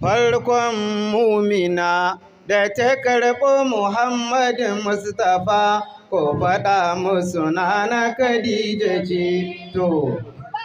farkon mumina da ta karɓo Muhammadin Mustapha ko faɗa musu nana Khadija ce to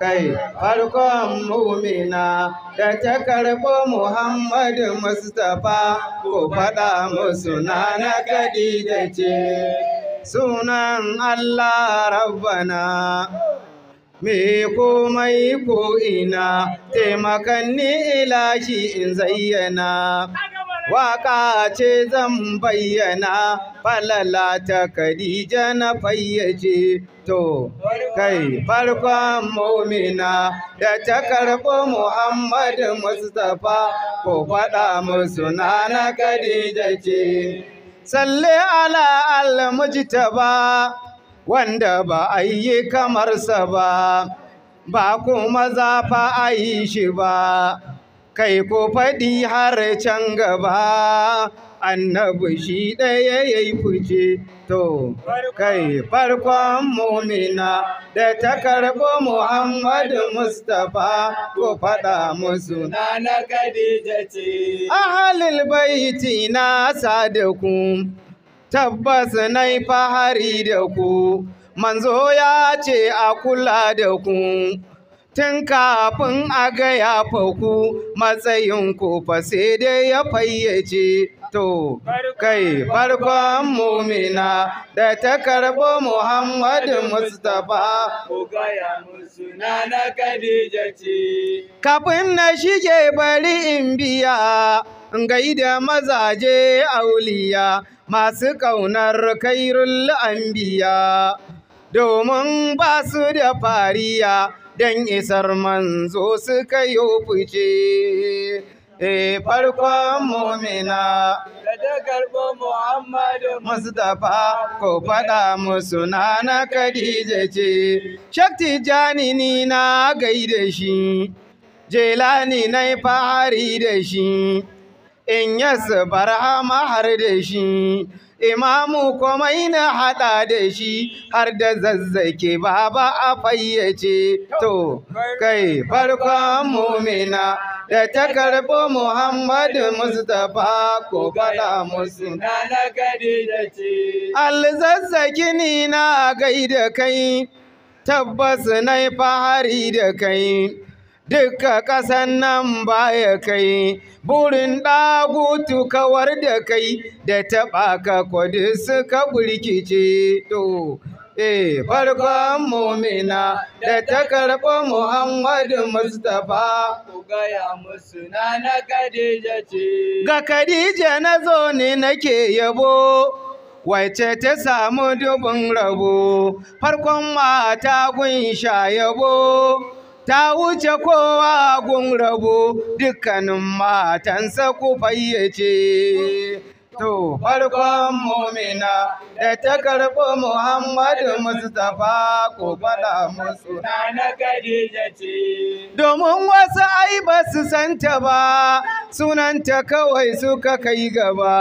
kai farkon mumina da ta karɓo Muhammadin Mustapha ko faɗa musu nana Khadija ce sunan Allah rabbana Me komai ko ina taimakanni ilahi in zayyana. Waƙa ce zan bayyana falala ta Khadija na fayyace to kai farkon mumina da ta karɓi Muhammadu Mustapha ko faɗa musu na Khadija ce. Salli ala al-mujtaba wanda ba a yi kamarsa ba ba kuma za fa a yi shi ba kai ko faɗi har can gaba annabi shi ɗaya ya yi fice to kai farkon mumina da ta karɓo muhammadu mustapha ko faɗa musu na na gadi ce ahalil baiti na sadaku tabbas na yi fahari da ku manzo ya ce a kula da ku tun kafin a gaya fauku matsayin fa sai dai ya fayyace to kai farkon mumina da ta karbo muhammadu mustapha gaya musu na na kadija kafin na shige bari in biya gaida mazaje auliya masu ƙaunar kairul anbiya domin ba su da fariya don isar manzo su yi fice. E farkon mumina da garbo Muhammadu Mustapha ko faɗa musu na na Khadija ce, Shakti jani ni na gaida shi, Jelani na fari da shi. in yasbar ma har da shi imamu komai na haɗa da shi har da zazzake baba a fayyace to kai farkon mumina da ta karɓo muhammadu mustapha ko faɗa musu na alzazzaki ni na gaida kai tabbas na fahari da kai duka ƙasan nan baya kai burin ɗagutu kawar da kai da taɓa ka kwadi suka burkice to Eh, farkon mumina da ta karɓi Muhammadu Mustapha. Ku gaya musu na na Khadija ce. Ga Khadija na zo ne nake yabo. wace ta samu dubin rabo farkon mata gun sha yabo ta wuce kowa gun rabo dukkanin matansa ku fayyace to farkon mumina da ta karɓi muhammadu mustapha ko faɗa musu na Khadija ce domin wasu ai ba su santa ba sunanta kawai suka kai gaba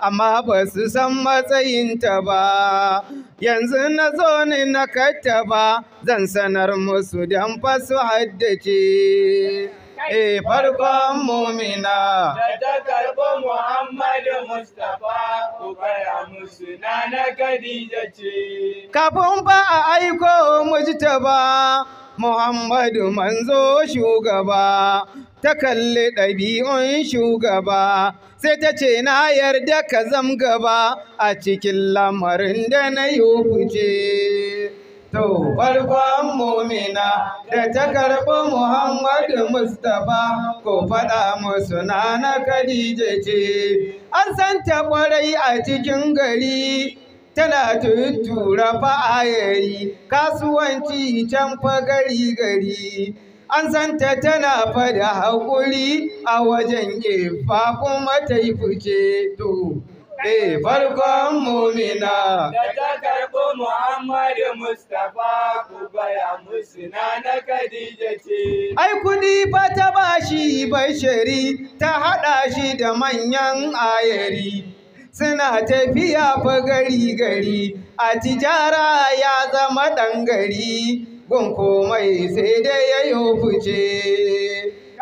amma ba su san matsayinta ba yanzu na zo ne na katta ba zan sanar musu don fa su haddace E farkon mumina da ta Muhammadu Mustapha ku gaya musu na na Khadija ce. Kafin ba a aiko mujtaba Muhammadu manzo shugaba ta kalli ɗabi'un shugaba sai ta ce na yarda ka zam gaba a cikin lamarin da na yi fice. To farkon mumina da ta karɓi Muhammadu Mustapha ko faɗa musu na na Khadija ce, an san ta ƙwarai a cikin gari tana tuttura fa'ayari kasuwanci can fa gari gari. an ta tana fada haƙuri a wajen ifa kuma ta yi fuke to e farkon mumina da ta Muhammadu Mustapha ku baya musu na na Khadija ce. Ai kudi ba ta bashi bashari ta haɗa shi da manyan ayari. suna tafiya fa gari gari a tijara ya zama ɗan gari gun komai sai dai ya yi fice.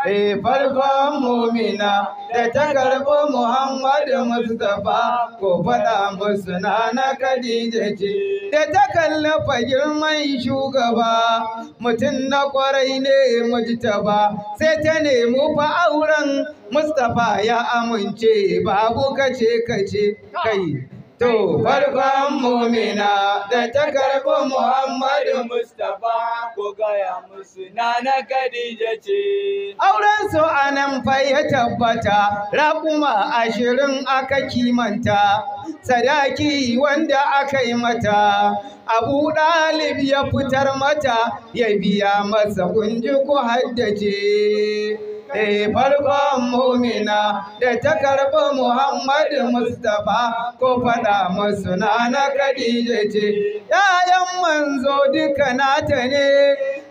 E eh, farkon mumina da ta karɓo Muhammadu Mustapha ko faɗa musu na na Khadija ce. Da ta kallafa girman shugaba mutum na kwarai ne mujtaba sai ta nemi fa auren Mustapha ya amince babu kace kace kai. To farkon mumina da ta karɓi Muhammadu Mustapha ko gaya musu na Khadija ce. Auren su a nan fa ya tabbata, raƙuma ashirin aka kimanta, sadaki wanda aka yi mata, Abu Ɗalib ya fitar mata, ya biya masa kunji ko haddace. eh farkon mumina da ta karɓi Muhammadu Mustapha ko faɗa musu na na Khadija ce ‘ya'yan manzo duka nata ne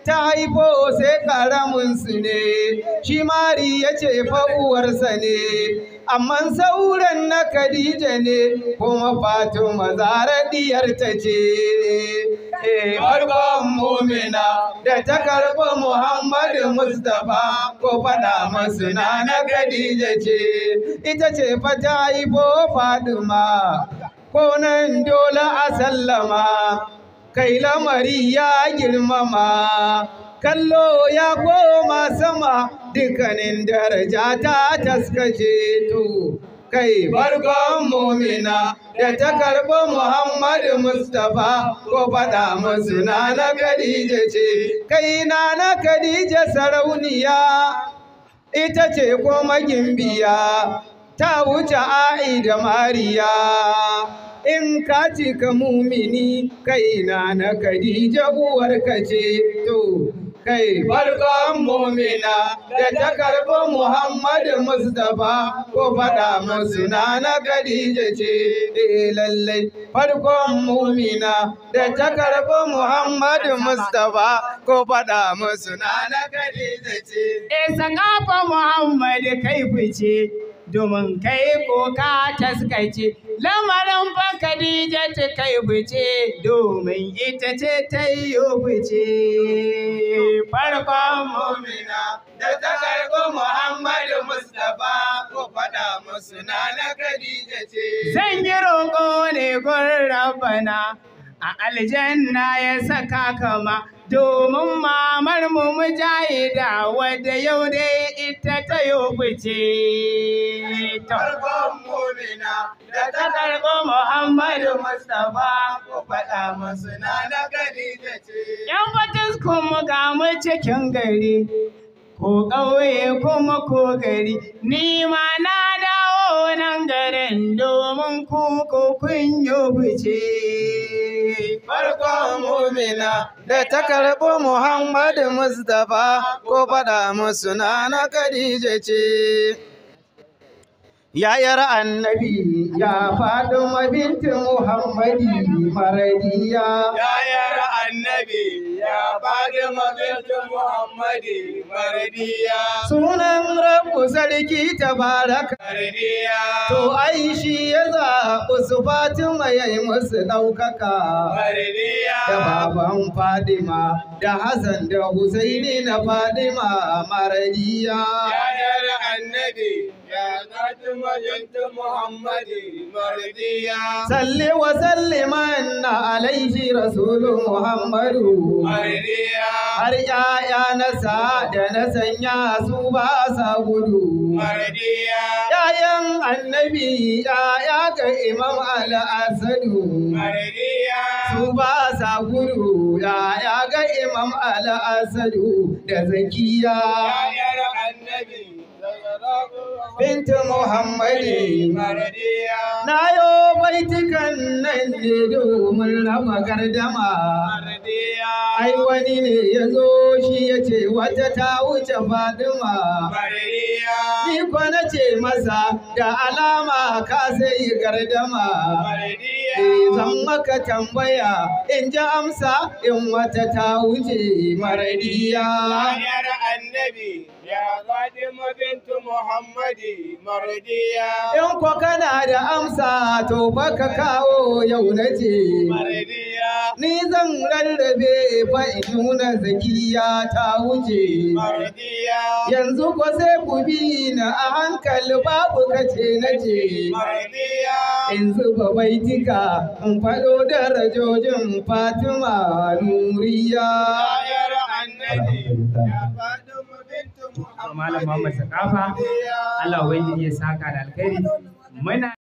ta haifo sai ƙaraminsu ne shi mari ya ce fa'uwarsa ne amma sauran na Khadija ne kuma Fatima ta ce farkon mumina da ta karɓi Muhammadu Mustapha ko faɗa masu na na Khadija ce ita ce fa ta yi Faduma ko nan dole a sallama kai lamari ya girmama kallo ya koma sama dukkanin daraja ta taskace to kai farkon mumina da ta karɓi Muhammadu Mustapha ko faɗa musu na na Khadija ce kai na na Khadija sarauniya ita ce ko magimbiya ta wuce a'i da mariya in ka cika mumini kai na na Khadija ka ce to kai farkon mumina da ta Muhammadu Mustapha ko faɗa masu na na Khadija ce eh lallai farkon mumina da ta Muhammadu Mustapha ko faɗa masu na na Khadija ce eh sanga muhammad kai fice domin kai ko ka ce, lamarin fa Khadija ta kai fice domin ita ce ta yi fice farkon mumina da ta karko Muhammadu Mustapha ko faɗa musu na na Khadija ce zan yi roƙo ne gun rabana a aljanna ya saka kama domin mamar mu mujahida wadda yau dai ita ta yi fice ta farkon mumina da ta karbo Muhammadu Mustapha ku faɗa masu na na gari da ce. Yan batis kuma ga mu cikin gari ko ƙauye kuma ko gari ni ma na dawo nan garin domin ku ko kun yi fice. Farkon mumina da ta karɓo Muhammadu Mustapha ko faɗa masu na na Khadija ce. Ya yara annabi ya fatima binti muhammadi maradiya yara annabi ya fatima binti muhammadi maradiya sunan rabu sarki ta tabaraka maradiya to ai shi ya za su fatima ya yi musu ɗaukaka maradiya da baban fatima da hasan da husaini na fatima maradiya yara. Salli wa salli inna: alaihi rasulu Muhammadu. Mariya. Har ya na sa da na sanya su ba sa gudu. Mariya. Yayan annabi ya ka imam al'asadu. Mariya. Su ba sa gudu ya ka imam al'asadu da zakiya. Binta Muhammadu. Na نايو baitukan nan ne domin rama gardama. Ai wani ne ya zo shi yace wata ta wuce Fadima. Ni kwa na ce masa da alama ka sai gardama. Zan maka tambaya in ji amsa in wata ta wuce maradiya. annabi. ya Fatima bintu Muhammadi mardiya in ko kana da amsa to fa ka kawo yau nace mardiya ni zan rarrabe fa in zakiya ta wuce mardiya yanzu ko sai ku bi na a hankali babu kace nace mardiya in zuba baitika in faɗo darajojin Fatima nuriya ya malam Muhammad Sakafa Allah ubangiji ya saka da alkhairi muna